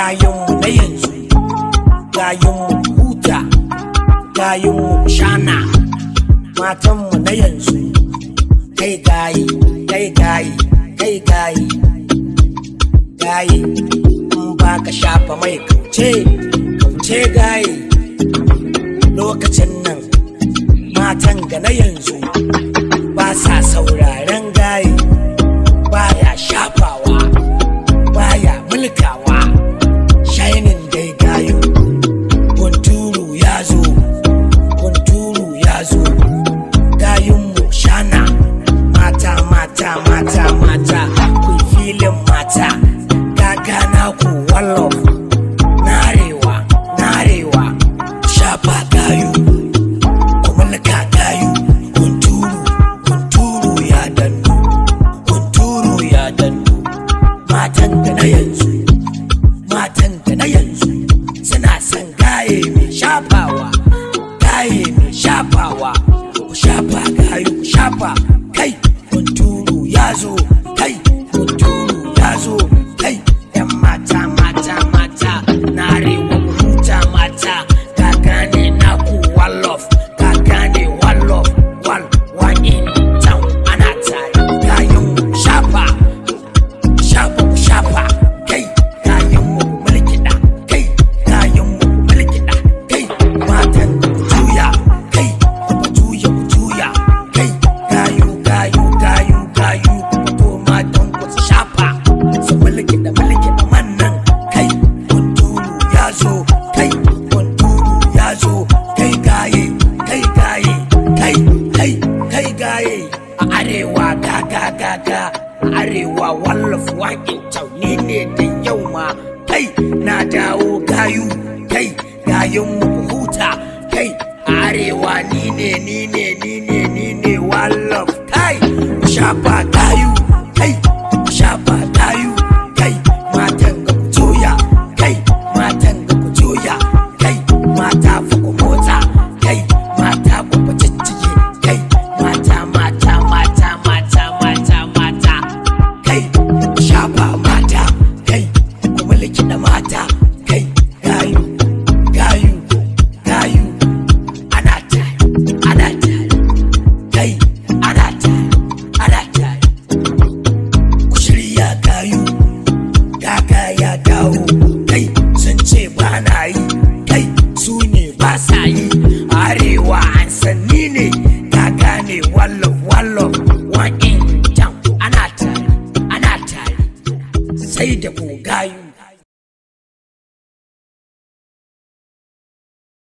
gayin na yanzu gayin huta gayin shana matanmu na yanzu kai gayi kai gayi kai gayi gayi in ba ka shafa mai kauce kauce gayi lokacin nan matan ga na yanzu shapawa kaye shapawa shapawa kayo shapawa arewa wallafa waƙin tauni ne da yau ma kai na dawo gayu kai gayun mu huta kai arewa ni ne ni ne ni ne ni ne wallafa kai shafa gayu sair de algum